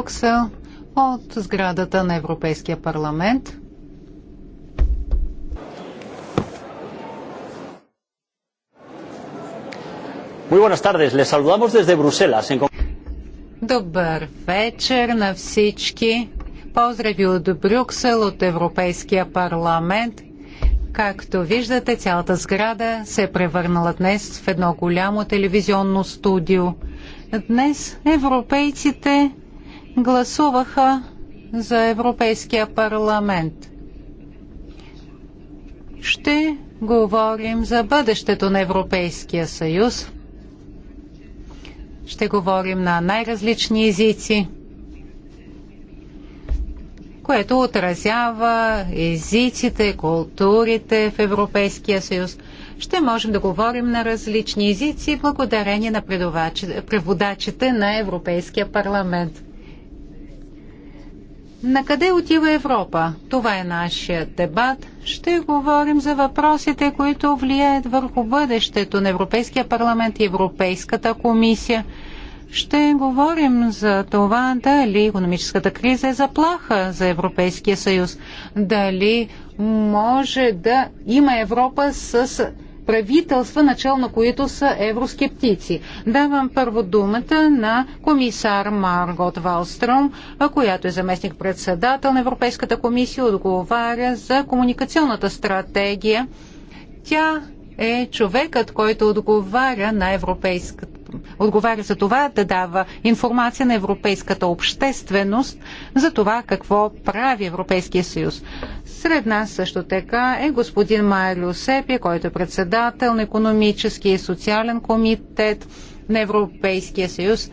Оксел от сградата на Европейския парламент. Muy buenas tardes, les saludamos desde Bruselas. Добър вечер на всички. Поздрави от Брюксел, от Европейския парламент. Както виждате, цялата сграда се е превърнала днес в едно голямо телевизионно студио. Днес европейците гласуваха за Европейския парламент. Ще говорим за бъдещето на Европейския съюз. Ще говорим на най-различни езици, което отразява езиците, културите в Европейския съюз. Ще можем да говорим на различни езици благодарение на преводачите на Европейския парламент. На къде отива Европа? Това е нашия дебат. Ще говорим за въпросите, които влияят върху бъдещето на Европейския парламент и Европейската комисия. Ще говорим за това дали економическата криза е заплаха за Европейския съюз, дали може да има Европа с правителства, на които са евроскептици. Давам първо думата на комисар Маргот Валстром, която е заместник председател на Европейската комисия, отговаря за комуникационната стратегия. Тя е човекът, който отговаря на европейската отговаря за това да дава информация на европейската общественост за това какво прави Европейския съюз. Сред нас също така е господин Майлю Сепи, който е председател на економически и социален комитет на Европейския съюз.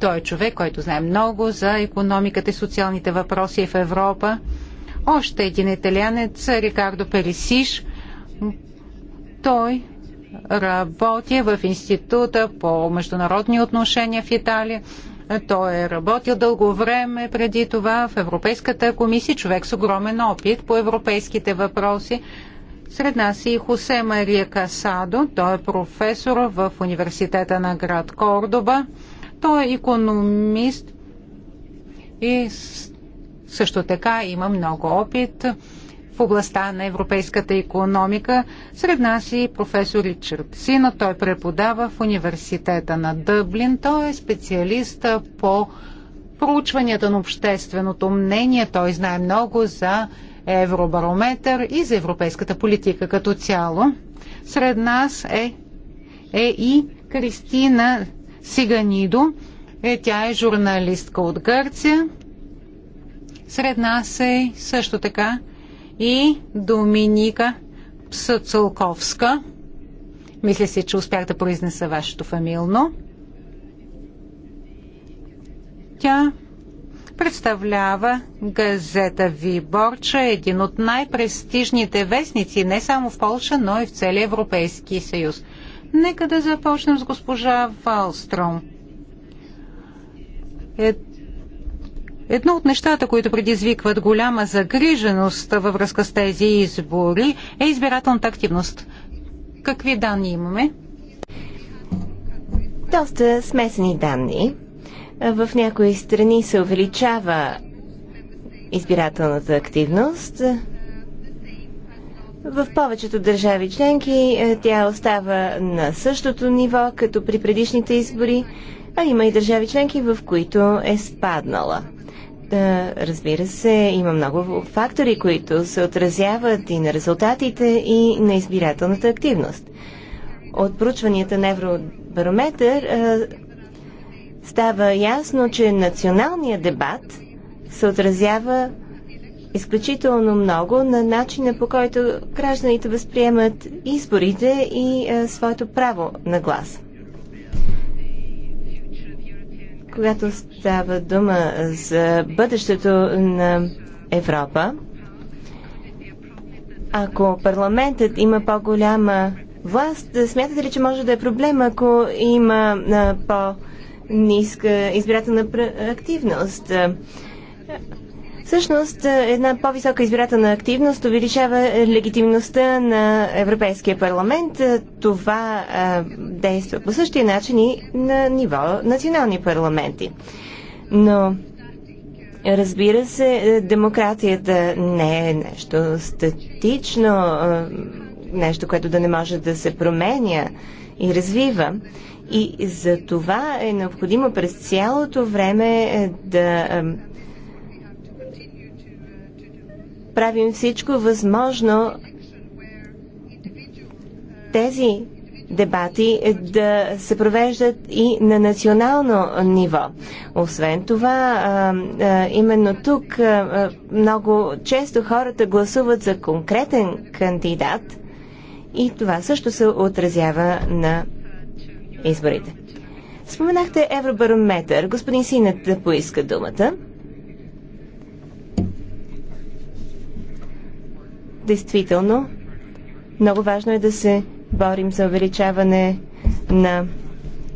Той е човек, който знае много за економиката и социалните въпроси в Европа. Още един италянец, Рикардо Пересиш, той работи в Института по международни отношения в Италия. Той е работил дълго време преди това в Европейската комисия, човек с огромен опит по европейските въпроси. Сред нас е и Хосе Мария Касадо. Той е професор в университета на град Кордоба. Той е економист и също така има много опит в областта на европейската економика. Сред нас е и професор Ричард Сина. Той преподава в университета на Дъблин. Той е специалист по проучванията на общественото мнение. Той знае много за Евробарометър и за европейската политика като цяло. Сред нас е, е и Кристина Сиганидо. Е, тя е журналистка от Гърция. Сред нас е също така и Доминика Псоцолковска. Мисля си, че успях да произнеса вашето фамилно. Тя представлява газета Виборча, един от най-престижните вестници не само в Польша, но и в целия Европейски съюз. Нека да започнем с госпожа Валстром. Е Едно от нещата, които предизвикват голяма загриженост във връзка с тези избори, е избирателната активност. Какви данни имаме? Доста смесени данни. В някои страни се увеличава избирателната активност. В повечето държави членки е, тя остава на същото ниво, като при предишните избори, а има и държави членки, в които е спаднала. Да, разбира се, има много фактори, които се отразяват и на резултатите, и на избирателната активност. От проучванията на Евробарометър а, става ясно, че националният дебат се отразява изключително много на начина по който гражданите възприемат изборите и а, своето право на глас когато става дума за бъдещето на Европа, ако парламентът има по-голяма власт, смятате ли, че може да е проблем, ако има по-ниска избирателна активност? Всъщност, е, една по-висока избирателна активност увеличава е, легитимността на Европейския парламент. Е, това а, действа по същия начин и на ниво национални парламенти. Но, разбира се, демокрацията не е нещо статично, а, нещо, което да не може да се променя и развива. И за това е необходимо през цялото време да правим всичко възможно тези дебати да се провеждат и на национално ниво. Освен това, именно тук много често хората гласуват за конкретен кандидат и това също се отразява на изборите. Споменахте Евробарометър. Господин Синът поиска думата. действително много важно е да се борим за увеличаване на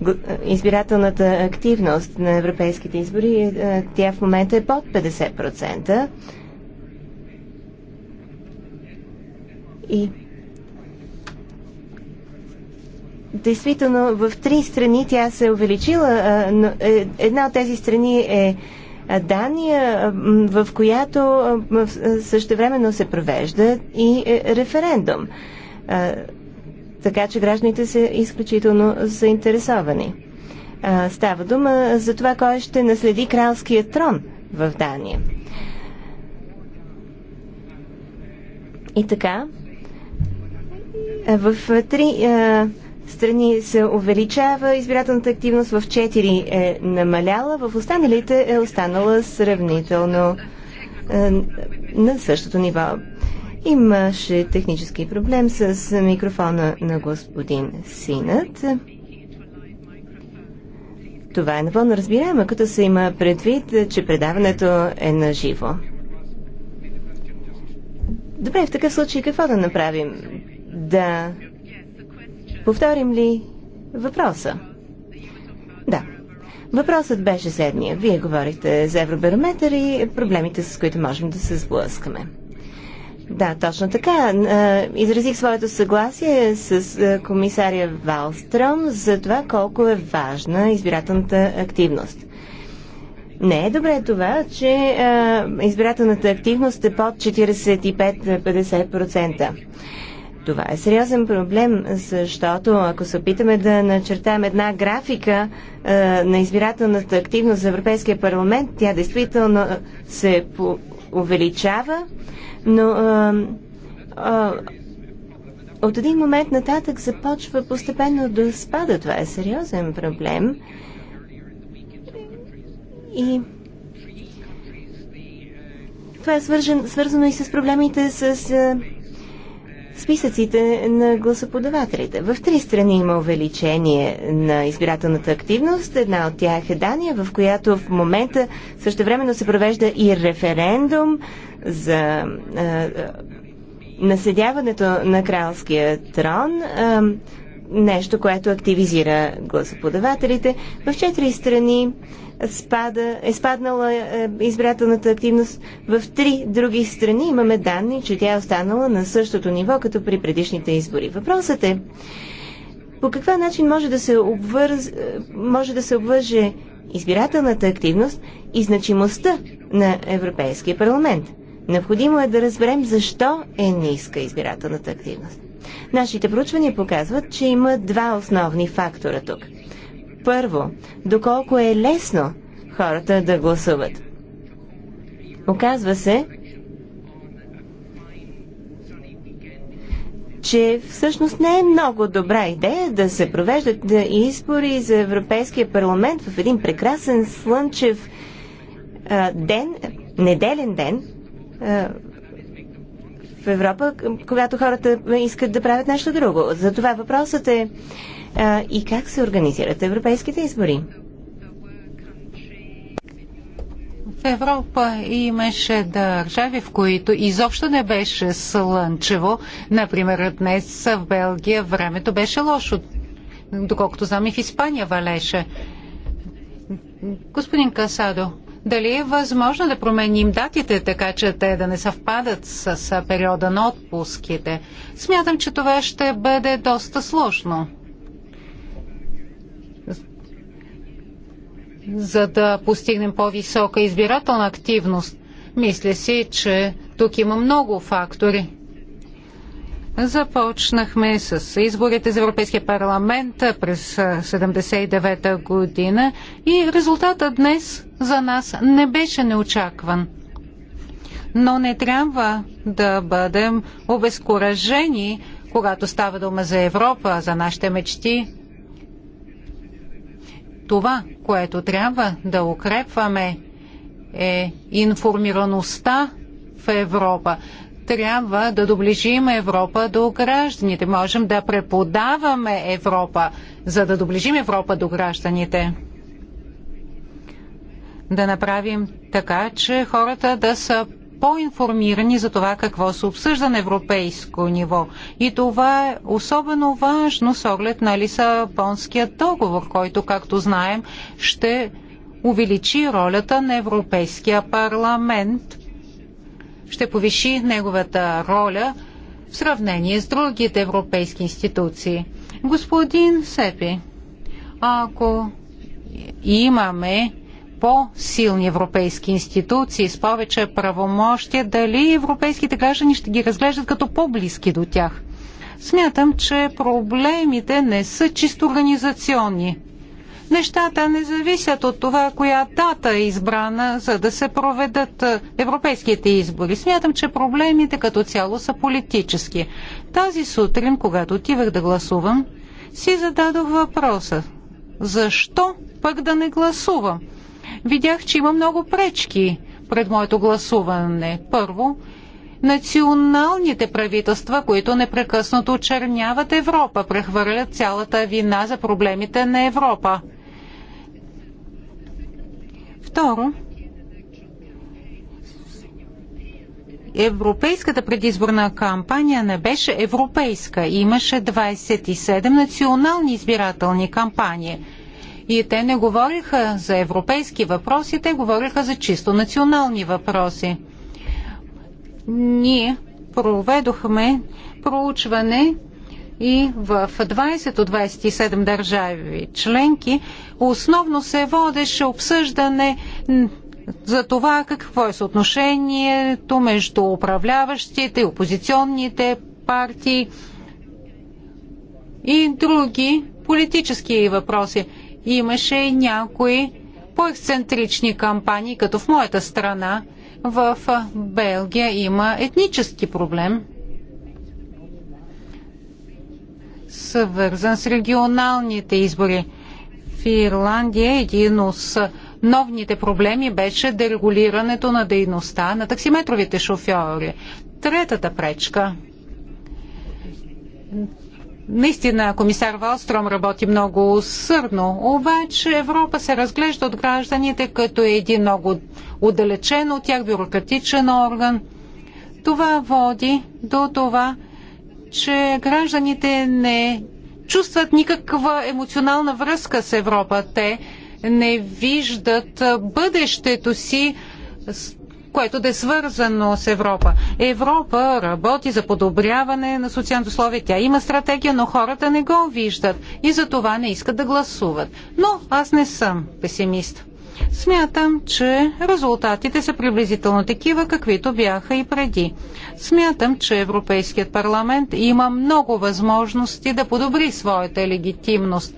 е, избирателната активност на европейските избори. Е, е, тя в момента е под 50%. И действително в три страни тя се е увеличила. Една от тези страни е Дания, в която същевременно се провежда и е, референдум. Така че гражданите са изключително заинтересовани. Става дума за това, кой ще наследи кралския трон в Дания. И така, в три страни се увеличава, избирателната активност в 4 е намаляла, в останалите е останала сравнително е, на същото ниво. Имаше технически проблем с микрофона на господин Синът. Това е напълно разбираемо, като се има предвид, че предаването е на живо. Добре, в такъв случай какво да направим? Да Повторим ли въпроса? Да. Въпросът беше следния. Вие говорихте за Евробарометър и проблемите, с които можем да се сблъскаме. Да, точно така. Изразих своето съгласие с комисария Валстром за това колко е важна избирателната активност. Не е добре това, че избирателната активност е под 45-50%. Това е сериозен проблем, защото ако се опитаме да начертаем една графика е, на избирателната активност за Европейския парламент, тя действително се увеличава, но е, е, от един момент нататък започва постепенно да спада. Това е сериозен проблем. И това е свържен, свързано и с проблемите с е, списъците на гласоподавателите. В три страни има увеличение на избирателната активност. Една от тях е Дания, в която в момента същевременно се провежда и референдум за а, наседяването на кралския трон. А, нещо, което активизира гласоподавателите. В четири страни спада, е спаднала е, избирателната активност. В три други страни имаме данни, че тя е останала на същото ниво, като при предишните избори. Въпросът е, по какъв начин може да се, обвърз, е, може да се обвърже избирателната активност и значимостта на Европейския парламент? Необходимо е да разберем защо е ниска избирателната активност. Нашите проучвания показват, че има два основни фактора тук. Първо, доколко е лесно хората да гласуват. Оказва се, че всъщност не е много добра идея да се провеждат избори за Европейския парламент в един прекрасен слънчев а, ден, неделен ден, в Европа, когато хората искат да правят нещо друго. Затова въпросът е а, и как се организират европейските избори. В Европа имаше държави, в които изобщо не беше слънчево. Например, днес в Белгия времето беше лошо. Доколкото знам и в Испания валеше. Господин Касадо, дали е възможно да променим датите, така че те да не съвпадат с периода на отпуските. Смятам, че това ще бъде доста сложно. За да постигнем по-висока избирателна активност, мисля си, че тук има много фактори. Започнахме с изборите за Европейския парламент през 79-та година и резултатът днес за нас не беше неочакван. Но не трябва да бъдем обезкуражени, когато става дума за Европа, за нашите мечти. Това, което трябва да укрепваме е информираността в Европа трябва да доближим Европа до гражданите. Можем да преподаваме Европа, за да доближим Европа до гражданите. Да направим така, че хората да са по-информирани за това какво се обсъжда на европейско ниво. И това е особено важно с оглед на Лисабонския договор, който, както знаем, ще увеличи ролята на Европейския парламент ще повиши неговата роля в сравнение с другите европейски институции. Господин Сепи, ако имаме по-силни европейски институции с повече правомощия, дали европейските граждани ще ги разглеждат като по-близки до тях? Смятам, че проблемите не са чисто организационни. Нещата не зависят от това, коя дата е избрана, за да се проведат европейските избори. Смятам, че проблемите като цяло са политически. Тази сутрин, когато отивах да гласувам, си зададох въпроса. Защо пък да не гласувам? Видях, че има много пречки пред моето гласуване. Първо, националните правителства, които непрекъснато очерняват Европа, прехвърлят цялата вина за проблемите на Европа. Второ, Европейската предизборна кампания не беше европейска. Имаше 27 национални избирателни кампании. И те не говориха за европейски въпроси, те говориха за чисто национални въпроси. Ние проведохме проучване и в 20 от 27 държави членки основно се водеше обсъждане за това какво е съотношението между управляващите и опозиционните партии и други политически въпроси. Имаше и някои по-ексцентрични кампании, като в моята страна, в Белгия има етнически проблем. свързан с регионалните избори. В Ирландия е един от новните проблеми беше дерегулирането на дейността на таксиметровите шофьори. Третата пречка. Наистина, комисар Валстром работи много усърдно, обаче Европа се разглежда от гражданите като един много отдалечен от тях бюрократичен орган. Това води до това, че гражданите не чувстват никаква емоционална връзка с Европа. Те не виждат бъдещето си, което да е свързано с Европа. Европа работи за подобряване на социалното условие. Тя има стратегия, но хората не го виждат и за това не искат да гласуват. Но аз не съм песимист. Смятам, че резултатите са приблизително такива, каквито бяха и преди. Смятам, че Европейският парламент има много възможности да подобри своята легитимност.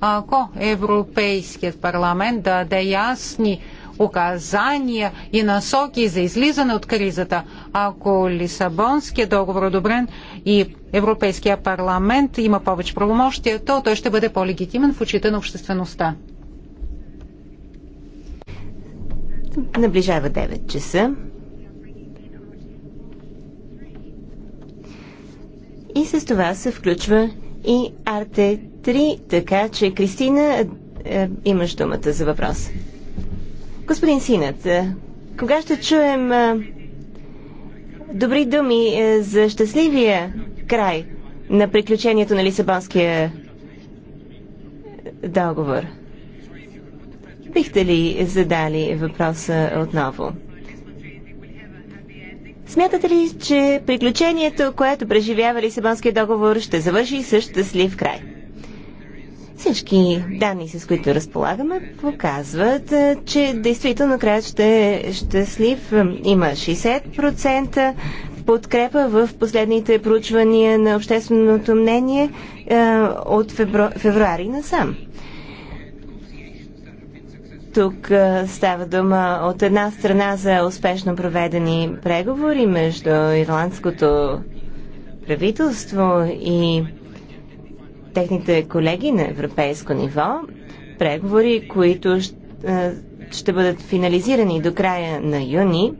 Ако Европейският парламент даде ясни указания и насоки за излизане от кризата. Ако Лисабонският договор е одобрен и Европейския парламент има повече правомощия, то той ще бъде по-легитимен в очите на обществеността. Наближава 9 часа. И с това се включва и Арте 3, така че Кристина, е, е, имаш думата за въпрос. Господин Синът, е, кога ще чуем е, добри думи е, за щастливия край на приключението на Лисабонския е, договор? бихте ли задали въпроса отново? Смятате ли, че приключението, което преживява Лисабонския договор, ще завърши с щастлив край? Всички данни, с които разполагаме, показват, че действително краят ще е щастлив. Има 60% подкрепа в последните проучвания на общественото мнение от февруари насам. Тук става дума от една страна за успешно проведени преговори между ирландското правителство и техните колеги на европейско ниво. Преговори, които ще бъдат финализирани до края на юни.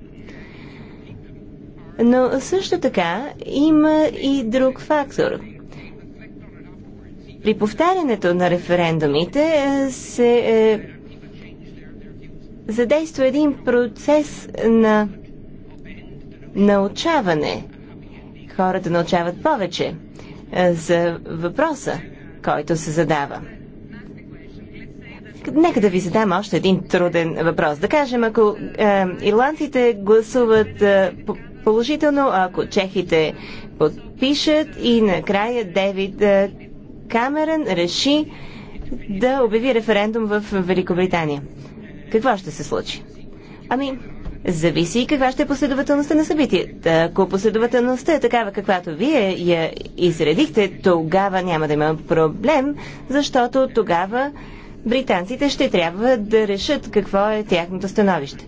Но също така има и друг фактор. При повтарянето на референдумите се е, задейства един процес на научаване. Хората научават повече е, за въпроса, който се задава. Нека да ви задам още един труден въпрос. Да кажем, ако е, ирландците гласуват е, положително, ако чехите подпишат и накрая Девид е, Камерън реши да обяви референдум в Великобритания какво ще се случи? Ами, зависи и каква ще е последователността на събитията. Ако последователността е такава, каквато вие я изредихте, тогава няма да има проблем, защото тогава британците ще трябва да решат какво е тяхното становище.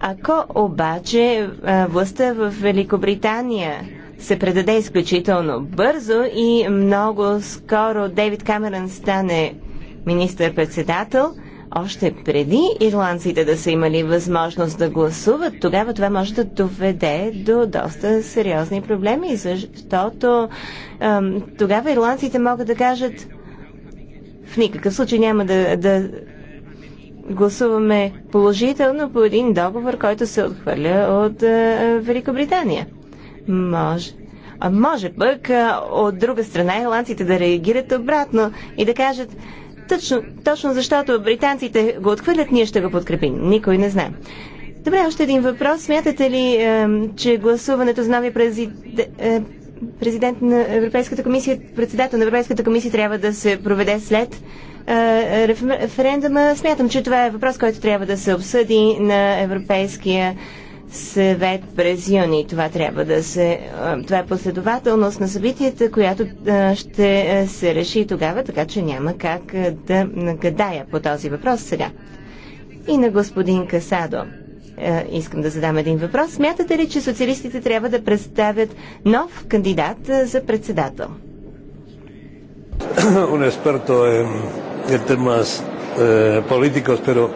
Ако обаче властта в Великобритания се предаде изключително бързо и много скоро Дейвид Камерън стане министър-председател – още преди ирландците да са имали възможност да гласуват, тогава това може да доведе до доста сериозни проблеми, защото ем, тогава ирландците могат да кажат в никакъв случай няма да, да гласуваме положително по един договор, който се отхвърля от е, Великобритания. Може. А може пък, от друга страна, ирландците да реагират обратно и да кажат точно, точно защото британците го отхвърлят, ние ще го подкрепим. Никой не знае. Добре, още един въпрос. Смятате ли, че гласуването за новия е, президент, на Европейската комисия, председател на Европейската комисия трябва да се проведе след е, референдума? Смятам, че това е въпрос, който трябва да се обсъди на Европейския съвет през юни. Това трябва да се. Това е последователност на събитията, която ще се реши тогава, така че няма как да нагадая по този въпрос сега. И на господин Касадо искам да задам един въпрос. Смятате ли, че социалистите трябва да представят нов кандидат за председател? Un experto en, en temas eh, políticos, pero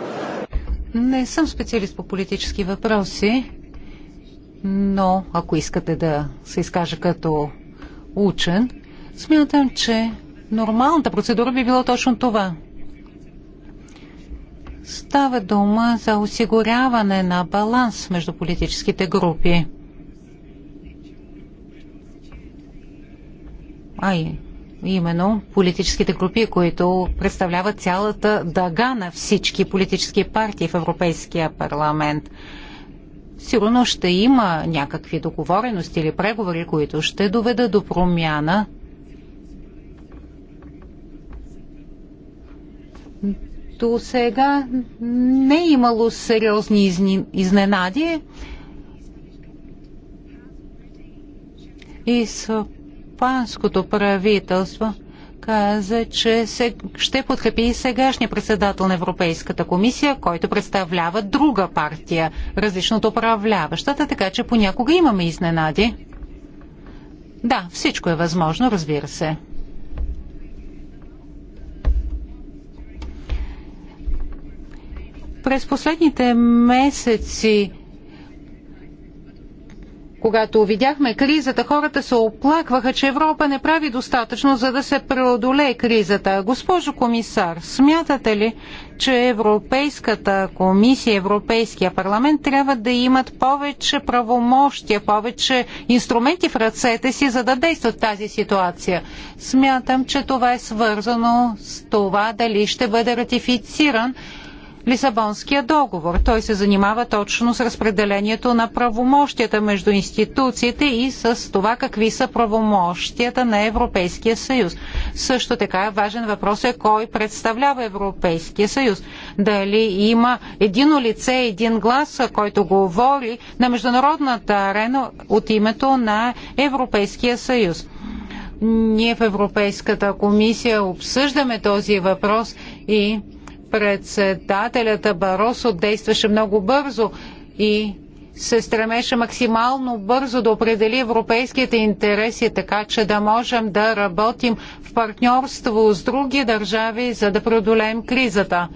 не съм специалист по политически въпроси, но ако искате да се изкажа като учен, смятам, че нормалната процедура би била точно това. Става дума за осигуряване на баланс между политическите групи. А и именно политическите групи, които представляват цялата дъга на всички политически партии в Европейския парламент. Сигурно ще има някакви договорености или преговори, които ще доведат до промяна до сега не е имало сериозни изненади. И с Испанското правителство каза, че се, ще подкрепи и сегашния председател на Европейската комисия, който представлява друга партия, различно от управляващата, така че понякога имаме изненади. Да, всичко е възможно, разбира се. През последните месеци когато видяхме кризата, хората се оплакваха, че Европа не прави достатъчно, за да се преодолее кризата. Госпожо комисар, смятате ли, че Европейската комисия, Европейския парламент трябва да имат повече правомощия, повече инструменти в ръцете си, за да действат тази ситуация. Смятам, че това е свързано с това дали ще бъде ратифициран Лисабонския договор. Той се занимава точно с разпределението на правомощията между институциите и с това какви са правомощията на Европейския съюз. Също така важен въпрос е кой представлява Европейския съюз. Дали има едино лице, един глас, който говори на международната арена от името на Европейския съюз. Ние в Европейската комисия обсъждаме този въпрос и председателят Баросо действаше много бързо и се стремеше максимално бързо да определи европейските интереси, така че да можем да работим в партньорство с други държави, за да преодолеем кризата.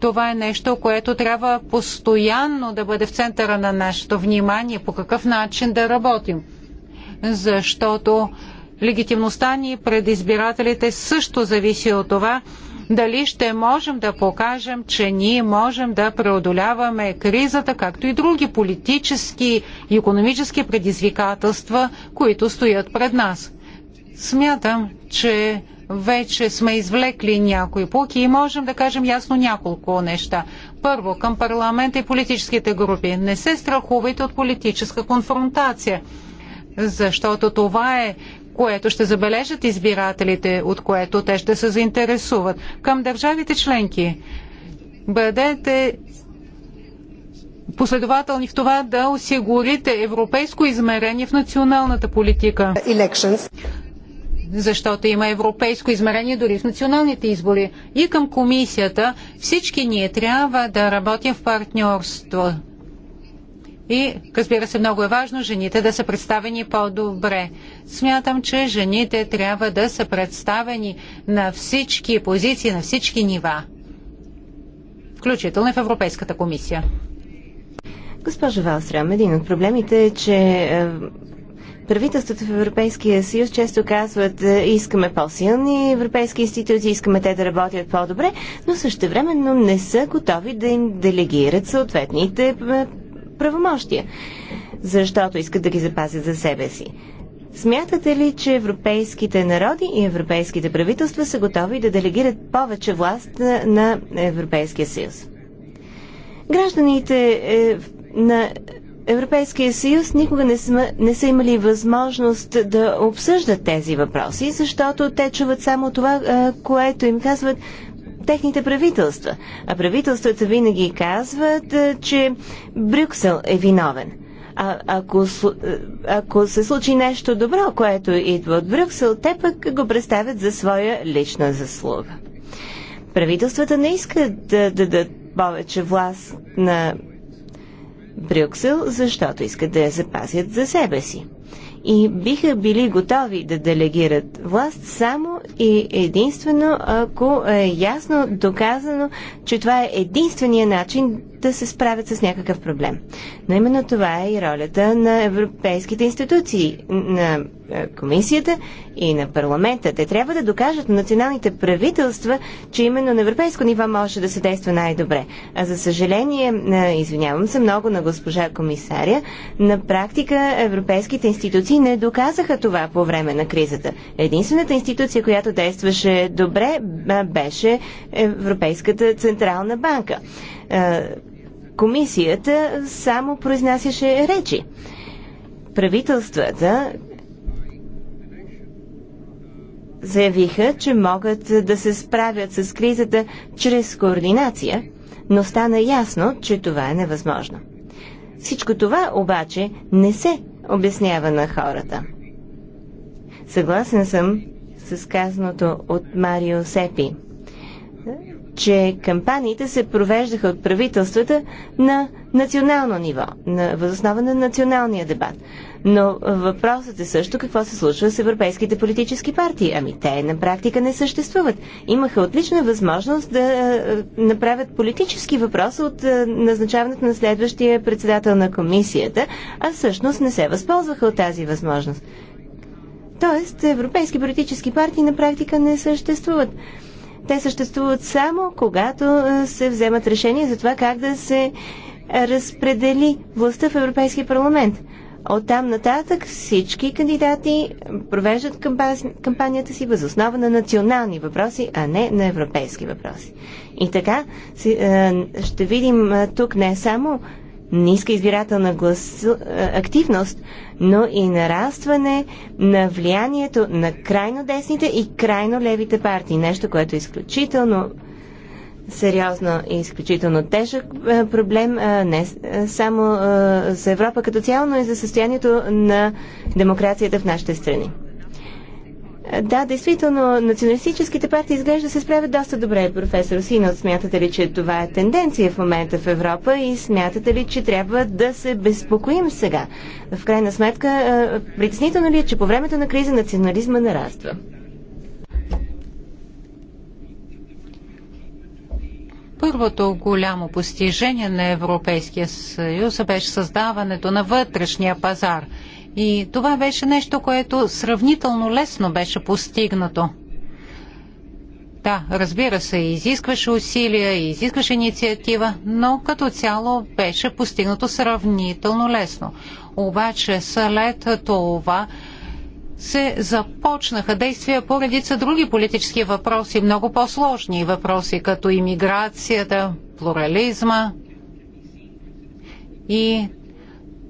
Това е нещо, което трябва постоянно да бъде в центъра на нашето внимание, по какъв начин да работим. Защото легитимността ни пред избирателите също зависи от това, дали ще можем да покажем, че ние можем да преодоляваме кризата, както и други политически и економически предизвикателства, които стоят пред нас. Смятам, че вече сме извлекли някои пуки и можем да кажем ясно няколко неща. Първо, към парламента и политическите групи. Не се страхувайте от политическа конфронтация, защото това е което ще забележат избирателите, от което те ще се заинтересуват. Към държавите членки бъдете последователни в това да осигурите европейско измерение в националната политика. Elections. Защото има европейско измерение дори в националните избори. И към комисията всички ние трябва да работим в партньорство и, разбира се, много е важно жените да са представени по-добре. Смятам, че жените трябва да са представени на всички позиции, на всички нива, включително и в Европейската комисия. Госпожа Валстрам, един от проблемите е, че е, правителствата в Европейския съюз често казват е, искаме по-силни европейски институции, искаме те да работят по-добре, но същевременно не са готови да им делегират съответните е, правомощия, защото искат да ги запазят за себе си. Смятате ли, че европейските народи и европейските правителства са готови да делегират повече власт на Европейския съюз? Гражданите е, на Европейския съюз никога не, са, не са имали възможност да обсъждат тези въпроси, защото те чуват само това, е, което им казват техните правителства. А правителствата винаги казват, че Брюксел е виновен. А, ако, ако се случи нещо добро, което идва от Брюксел, те пък го представят за своя лична заслуга. Правителствата не искат да дадат повече власт на Брюксел, защото искат да я запазят за себе си и биха били готови да делегират власт само и единствено, ако е ясно доказано, че това е единствения начин да се справят с някакъв проблем. Но именно това е и ролята на европейските институции, на е, комисията и на парламента. Те трябва да докажат на националните правителства, че именно на европейско ниво може да се действа най-добре. А за съжаление, е, извинявам се много на госпожа комисаря, на практика европейските институции не доказаха това по време на кризата. Единствената институция, която действаше добре, е, беше Европейската централна банка Комисията само произнасяше речи. Правителствата заявиха, че могат да се справят с кризата чрез координация, но стана ясно, че това е невъзможно. Всичко това обаче не се обяснява на хората. Съгласен съм с казаното от Марио Сепи че кампаниите се провеждаха от правителствата на национално ниво, на възоснова на националния дебат. Но въпросът е също какво се случва с европейските политически партии. Ами те на практика не съществуват. Имаха отлична възможност да направят политически въпрос от назначаването на следващия председател на комисията, а всъщност не се възползваха от тази възможност. Тоест, европейски политически партии на практика не съществуват. Те съществуват само когато се вземат решения за това как да се разпредели властта в Европейския парламент. От там нататък всички кандидати провеждат кампанията си въз основа на национални въпроси, а не на европейски въпроси. И така ще видим тук не само ниска избирателна глас... активност, но и нарастване на влиянието на крайно десните и крайно левите партии. Нещо, което е изключително сериозно и изключително тежък е, проблем е, не е, само за Европа като цяло, но и за състоянието на демокрацията в нашите страни. Да, действително, националистическите партии изглежда се справят доста добре, професор Синот. Смятате ли, че това е тенденция в момента в Европа и смятате ли, че трябва да се безпокоим сега? В крайна сметка, притеснително ли е, че по времето на криза национализма нараства? Първото голямо постижение на Европейския съюз беше създаването на вътрешния пазар – и това беше нещо, което сравнително лесно беше постигнато. Да, разбира се, изискваше усилия, изискваше инициатива, но като цяло беше постигнато сравнително лесно. Обаче след това се започнаха действия по редица други политически въпроси, много по-сложни въпроси, като имиграцията, плурализма и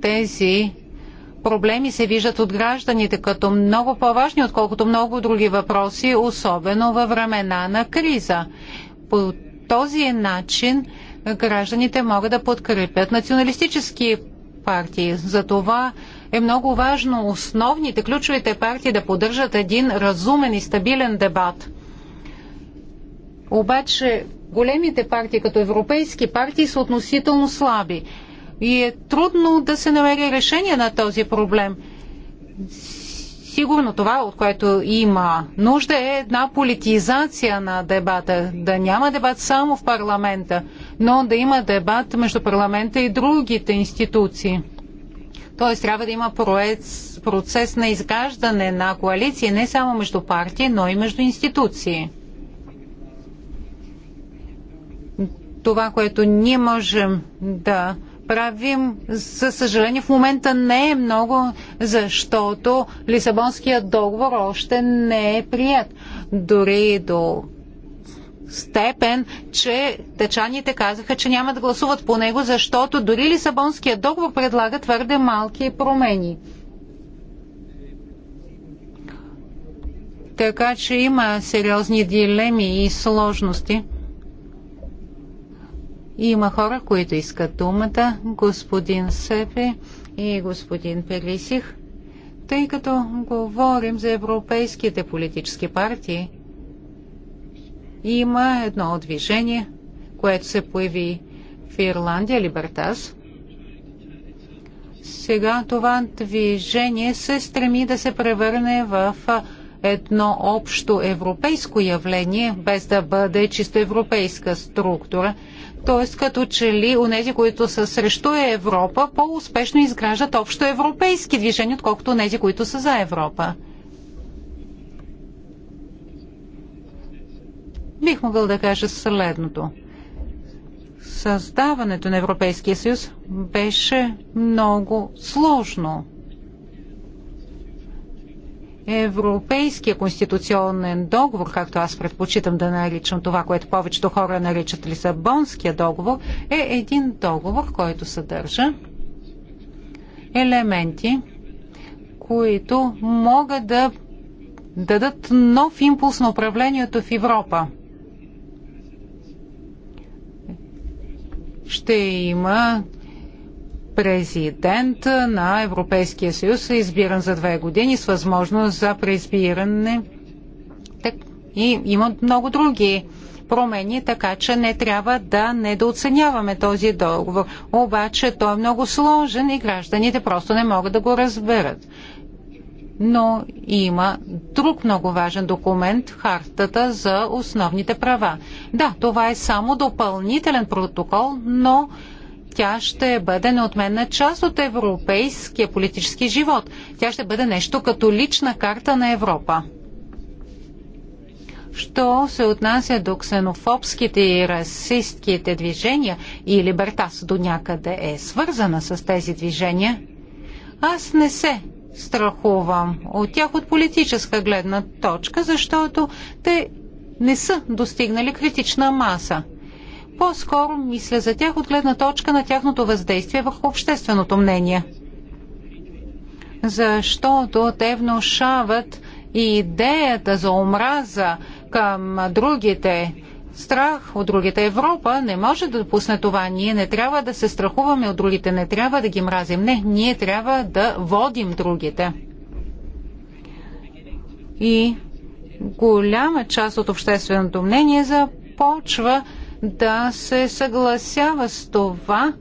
тези проблеми се виждат от гражданите като много по-важни, отколкото много други въпроси, особено във времена на криза. По този начин гражданите могат да подкрепят националистически партии. Затова е много важно основните, ключовите партии да поддържат един разумен и стабилен дебат. Обаче големите партии като европейски партии са относително слаби. И е трудно да се намери решение на този проблем. Сигурно това, от което има нужда е една политизация на дебата. Да няма дебат само в парламента, но да има дебат между парламента и другите институции. Т.е. трябва да има процес на изграждане на коалиции не само между партии, но и между институции. Това, което ние можем да правим, за съжаление, в момента не е много, защото Лисабонският договор още не е прият. Дори до степен, че течаните казаха, че няма да гласуват по него, защото дори Лисабонският договор предлага твърде малки промени. Така че има сериозни дилеми и сложности. Има хора, които искат думата. Господин Сепи и господин Пелисих. Тъй като говорим за европейските политически партии, има едно движение, което се появи в Ирландия, Либертас. Сега това движение се стреми да се превърне в едно общо европейско явление, без да бъде чисто европейска структура. Т.е. като че ли у нези, които са срещу Европа, по-успешно изграждат общо европейски движения, отколкото у нези, които са за Европа. Бих могъл да кажа следното. Създаването на Европейския съюз беше много сложно Европейския конституционен договор, както аз предпочитам да наричам това, което повечето хора наричат Лисабонския договор, е един договор, който съдържа елементи, които могат да дадат нов импулс на управлението в Европа. Ще има президент на Европейския съюз е избиран за две години с възможност за преизбиране. И има много други промени, така че не трябва да недооценяваме този договор. Обаче той е много сложен и гражданите просто не могат да го разберат. Но има друг много важен документ Хартата за основните права. Да, това е само допълнителен протокол, но тя ще бъде неотменна част от европейския политически живот. Тя ще бъде нещо като лична карта на Европа. Що се отнася до ксенофобските и расистските движения и Либертас до някъде е свързана с тези движения, аз не се страхувам от тях от политическа гледна точка, защото те не са достигнали критична маса. По-скоро мисля за тях от гледна точка на тяхното въздействие върху общественото мнение. Защото те внушават и идеята за омраза към другите страх от другите. Европа не може да допусне това. Ние не трябва да се страхуваме от другите, не трябва да ги мразим. Не, ние трябва да водим другите. И голяма част от общественото мнение започва да се съгласява с това.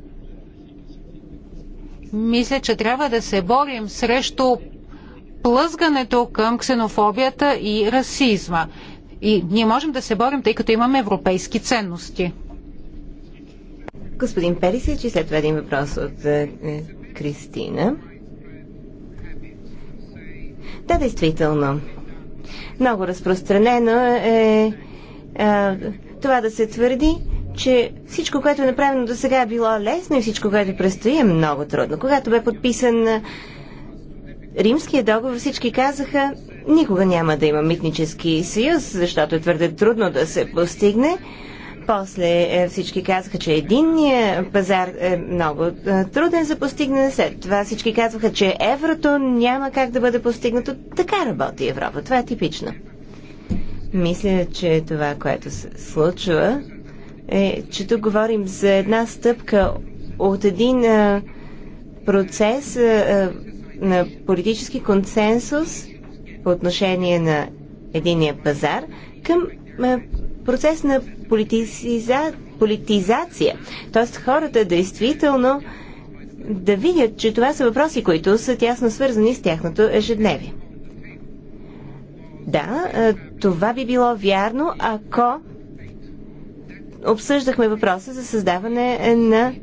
Мисля, че трябва да се борим срещу плъзгането към ксенофобията и расизма. И ние можем да се борим, тъй като имаме европейски ценности. Господин Перисич след това един въпрос от е, Кристина. Да, действително. Много разпространено е, е това да се твърди, че всичко, което е направено до сега е било лесно и всичко, което предстои е много трудно. Когато бе подписан Римския договор, всички казаха, никога няма да има митнически съюз, защото е твърде трудно да се постигне. После е, всички казаха, че единния пазар е много е, труден за постигане. След това всички казваха, че еврото няма как да бъде постигнато. Така работи Европа. Това е типично. Мисля, че това, което се случва, е, че тук говорим за една стъпка от един а, процес а, на политически консенсус по отношение на единия пазар към а, процес на политиза, политизация. Тоест хората действително да видят, че това са въпроси, които са тясно свързани с тяхното ежедневие. Да, е, това би било вярно, ако обсъждахме въпроса за създаване на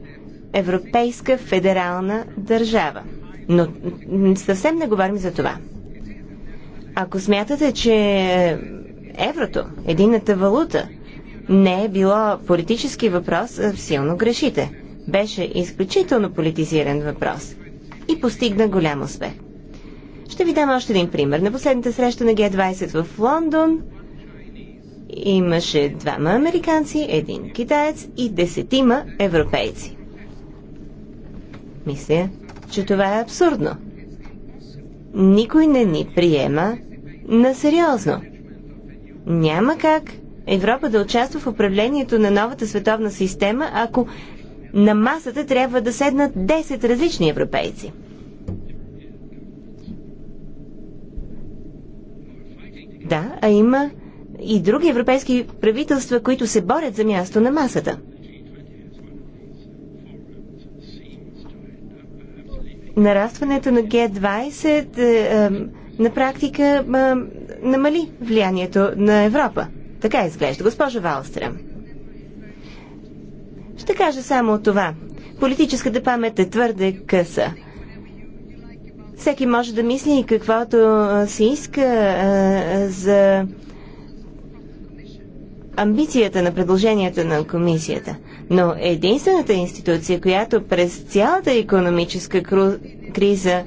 Европейска федерална държава. Но съвсем не говорим за това. Ако смятате, че еврото, едината валута, не е било политически въпрос, е, силно грешите. Беше изключително политизиран въпрос и постигна голям успех. Ще ви дам още един пример. На последната среща на Г20 в Лондон имаше двама американци, един китаец и десетима европейци. Мисля, че това е абсурдно. Никой не ни приема на сериозно. Няма как Европа да участва в управлението на новата световна система, ако на масата трябва да седнат 10 различни европейци. Да, а има и други европейски правителства, които се борят за място на масата. Нарастването на Г-20 е, е, на практика е, намали влиянието на Европа. Така изглежда, госпожа Валстрем. Ще кажа само това. Политическата памет е твърде къса. Всеки може да мисли каквото си иска за амбицията на предложенията на комисията. Но единствената институция, която през цялата економическа криза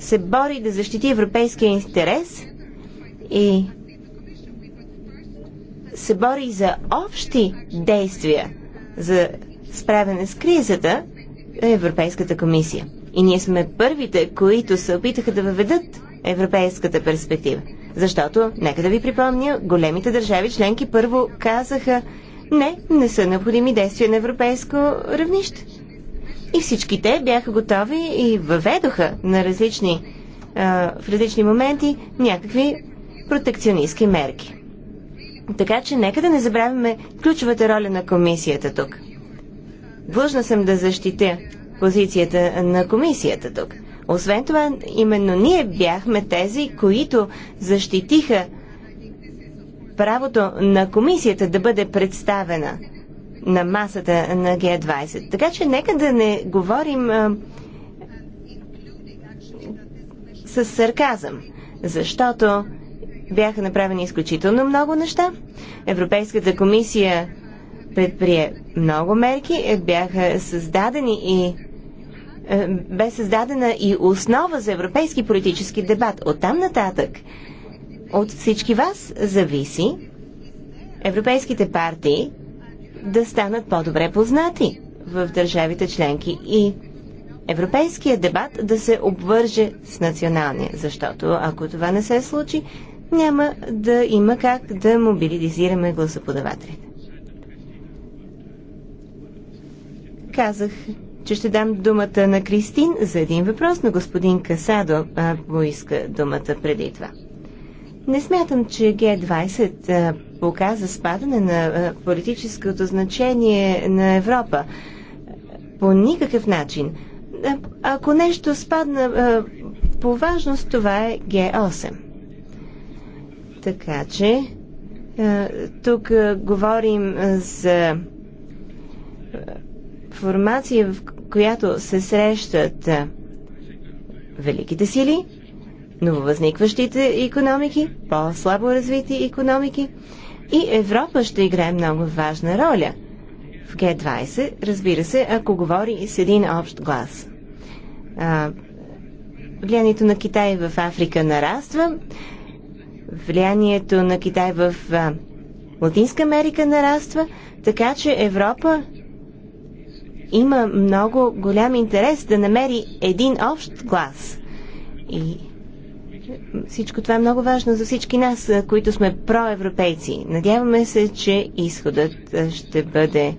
се бори да защити европейския интерес и се бори за общи действия за справяне с кризата е Европейската комисия. И ние сме първите, които се опитаха да въведат европейската перспектива. Защото, нека да ви припомня, големите държави членки първо казаха не, не са необходими действия на европейско равнище. И всички те бяха готови и въведоха на различни, а, в различни моменти някакви протекционистски мерки. Така че нека да не забравяме ключовата роля на комисията тук. Длъжна съм да защитя позицията на комисията тук. Освен това, именно ние бяхме тези, които защитиха правото на комисията да бъде представена на масата на Г-20. Така че нека да не говорим а, с сарказъм, защото бяха направени изключително много неща. Европейската комисия предприе много мерки, бяха създадени и е, бе създадена и основа за европейски политически дебат. От там нататък от всички вас зависи европейските партии да станат по-добре познати в държавите членки и европейският дебат да се обвърже с националния, защото ако това не се случи, няма да има как да мобилизираме гласоподавателите. Казах че ще дам думата на Кристин за един въпрос, но господин Касадо а, поиска думата преди това. Не смятам, че Г-20 а, показа спадане на а, политическото значение на Европа. По никакъв начин. А, ако нещо спадна а, по важност, това е Г-8. Така че, а, тук а, говорим а, за формация, в която се срещат великите сили, нововъзникващите економики, по-слабо развити економики и Европа ще играе много важна роля в Г-20, разбира се, ако говори с един общ глас. влиянието на Китай в Африка нараства, влиянието на Китай в Латинска Америка нараства, така че Европа има много голям интерес да намери един общ глас. И всичко това е много важно за всички нас, които сме проевропейци. Надяваме се, че изходът ще бъде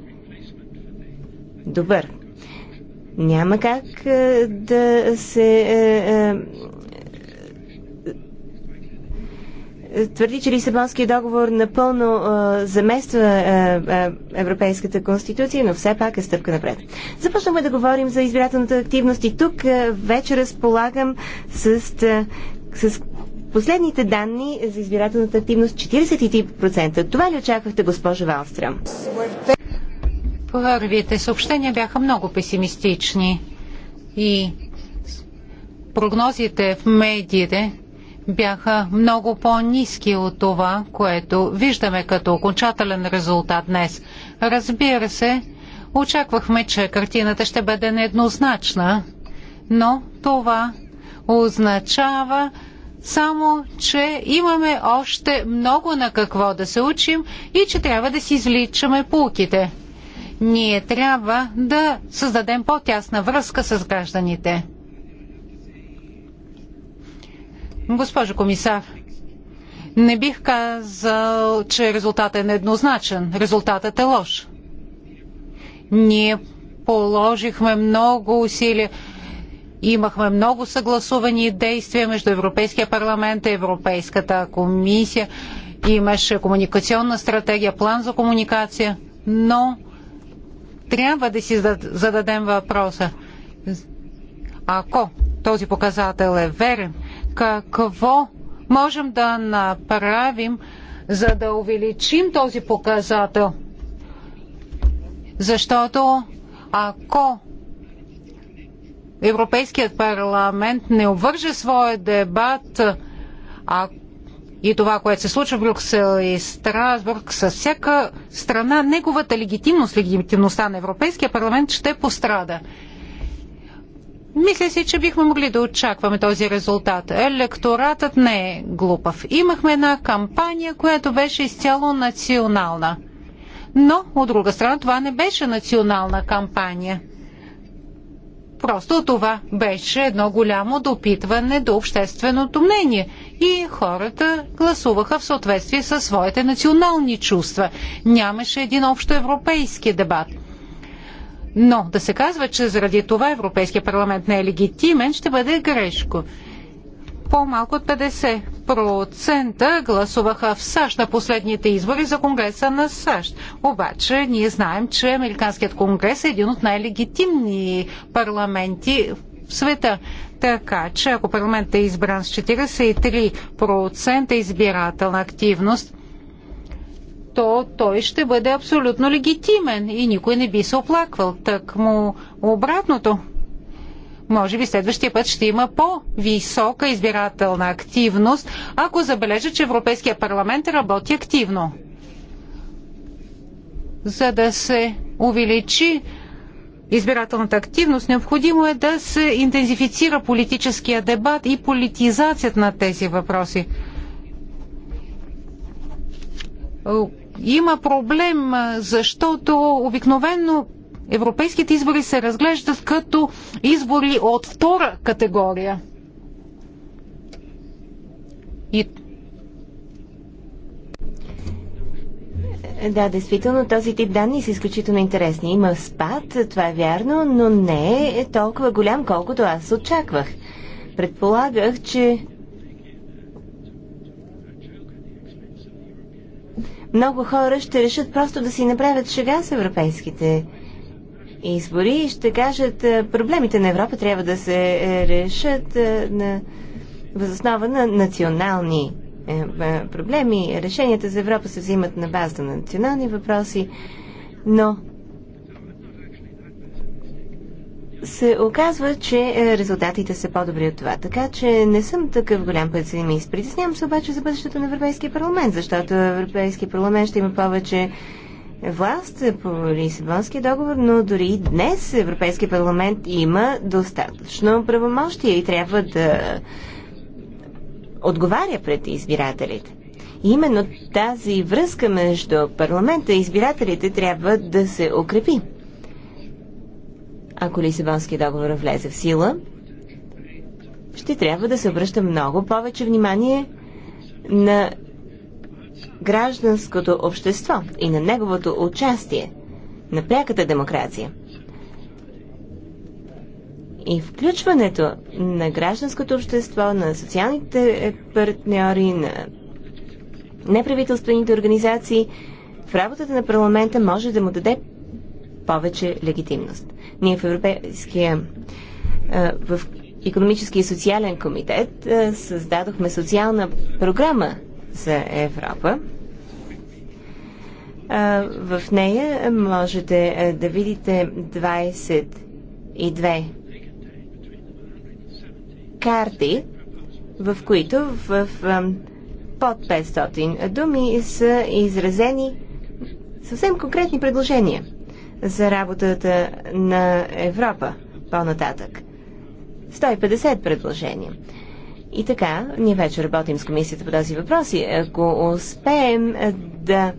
добър. Няма как да се твърди, че Лисабонския договор напълно а, замества а, Европейската конституция, но все пак е стъпка напред. Започнахме да говорим за избирателната активност и тук а, вече разполагам с, с последните данни за избирателната активност 43%. Това ли очаквахте, госпожа Валстрам? Първите съобщения бяха много песимистични и прогнозите в медиите бяха много по-низки от това, което виждаме като окончателен резултат днес. Разбира се, очаквахме, че картината ще бъде нееднозначна, но това означава само, че имаме още много на какво да се учим и че трябва да си изличаме пулките. Ние трябва да създадем по-тясна връзка с гражданите. Госпожо комисар, не бих казал, че резултатът е нееднозначен. Резултатът е лош. Ние положихме много усилия. Имахме много съгласувани действия между Европейския парламент и Европейската комисия. Имаше комуникационна стратегия, план за комуникация, но трябва да си зададем въпроса. Ако този показател е верен, какво можем да направим, за да увеличим този показател. Защото ако Европейският парламент не обвърже своя дебат а и това, което се случва в Брюксел и Страсбург, с всяка страна, неговата легитимност, легитимността на Европейския парламент ще пострада. Мисля си, че бихме могли да очакваме този резултат. Електоратът не е глупав. Имахме една кампания, която беше изцяло национална. Но, от друга страна, това не беше национална кампания. Просто това беше едно голямо допитване до общественото мнение и хората гласуваха в съответствие със своите национални чувства. Нямаше един общо европейски дебат – но да се казва, че заради това Европейския парламент не е легитимен, ще бъде грешко. По-малко от 50% гласуваха в САЩ на последните избори за Конгреса на САЩ. Обаче ние знаем, че Американският конгрес е един от най-легитимни парламенти в света. Така че ако парламентът е избран с 43% избирателна активност, то той ще бъде абсолютно легитимен и никой не би се оплаквал. Так му обратното. Може би следващия път ще има по-висока избирателна активност, ако забележа, че Европейския парламент работи активно. За да се увеличи избирателната активност, необходимо е да се интензифицира политическия дебат и политизацията на тези въпроси има проблем, защото обикновено европейските избори се разглеждат като избори от втора категория. И... Да, действително този тип данни са изключително интересни. Има спад, това е вярно, но не е толкова голям, колкото аз очаквах. Предполагах, че много хора ще решат просто да си направят шега с европейските избори и ще кажат, е, проблемите на Европа трябва да се е, решат е, на, възоснова на национални проблеми. Решенията за Европа се взимат на база на национални въпроси, но се оказва, че е, резултатите са по-добри от това. Така че не съм такъв голям песимист. Притеснявам се обаче за бъдещето на Европейския парламент, защото Европейския парламент ще има повече власт по Лисабонския договор, но дори днес Европейския парламент има достатъчно правомощия и трябва да отговаря пред избирателите. И именно тази връзка между парламента и избирателите трябва да се укрепи ако Лисабонския договор влезе в сила, ще трябва да се обръща много повече внимание на гражданското общество и на неговото участие на пряката демокрация. И включването на гражданското общество, на социалните партньори, на неправителствените организации в работата на парламента може да му даде повече легитимност. Ние в Европейския в економически и социален комитет създадохме социална програма за Европа. В нея можете да видите 22 карти, в които в под 500 думи са изразени съвсем конкретни предложения – за работата на Европа по-нататък. 150 предложения. И така, ние вече работим с комисията по този въпрос ако успеем е, да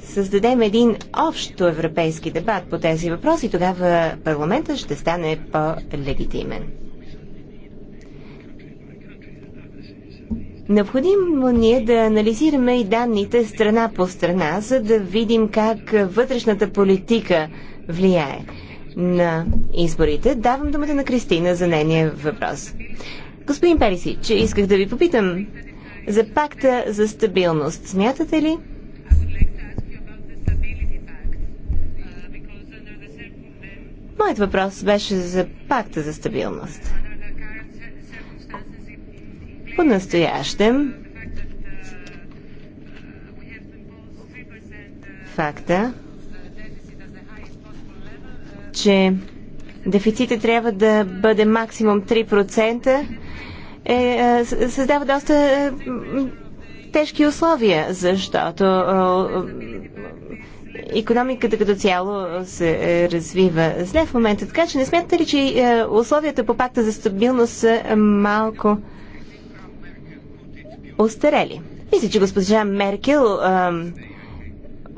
създадем един общо европейски дебат по тези въпроси, тогава парламентът ще стане по-легитимен. Необходимо ни е да анализираме и данните страна по страна, за да видим как вътрешната политика влияе на изборите. Давам думата на Кристина за нейния въпрос. Господин Периси, че исках да ви попитам за пакта за стабилност. Смятате ли, Моят въпрос беше за пакта за стабилност. Понастоящем, факта, че дефицита трябва да бъде максимум 3%, е, е създава доста е, тежки условия, защото е, економиката като цяло се е, развива зле в момента. Така че не смятате ли, че е, условията по пакта за стабилност са малко остарели. Мисля, че госпожа Меркел ам,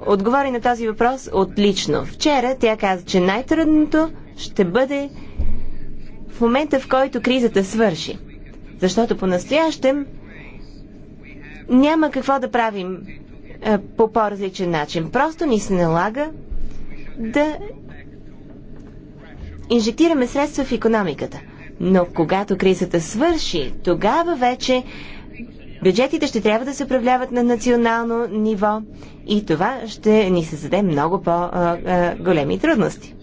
отговори на този въпрос отлично. Вчера тя каза, че най-трудното ще бъде в момента, в който кризата свърши. Защото по-настоящем няма какво да правим а, по по-различен начин. Просто ни се налага да инжектираме средства в економиката. Но когато кризата свърши, тогава вече Бюджетите ще трябва да се управляват на национално ниво и това ще ни създаде много по-големи трудности.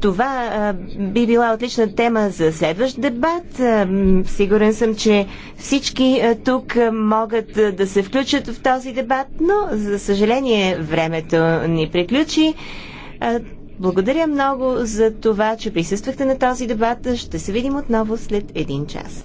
Това а, би била отлична тема за следващ дебат. А, сигурен съм, че всички а, тук могат а, да се включат в този дебат, но за съжаление времето ни приключи. А, благодаря много за това, че присъствахте на този дебат. Ще се видим отново след един час.